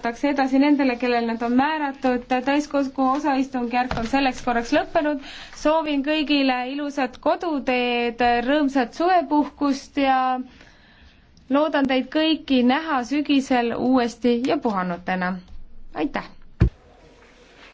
antakse edasi nendele, kellel nad on määratud. täiskogu osaistungjärk on selleks korraks lõppenud. soovin kõigile ilusat koduteed, rõõmsat suvepuhkust ja loodan teid kõiki näha sügisel uuesti ja puhanutena. aitäh!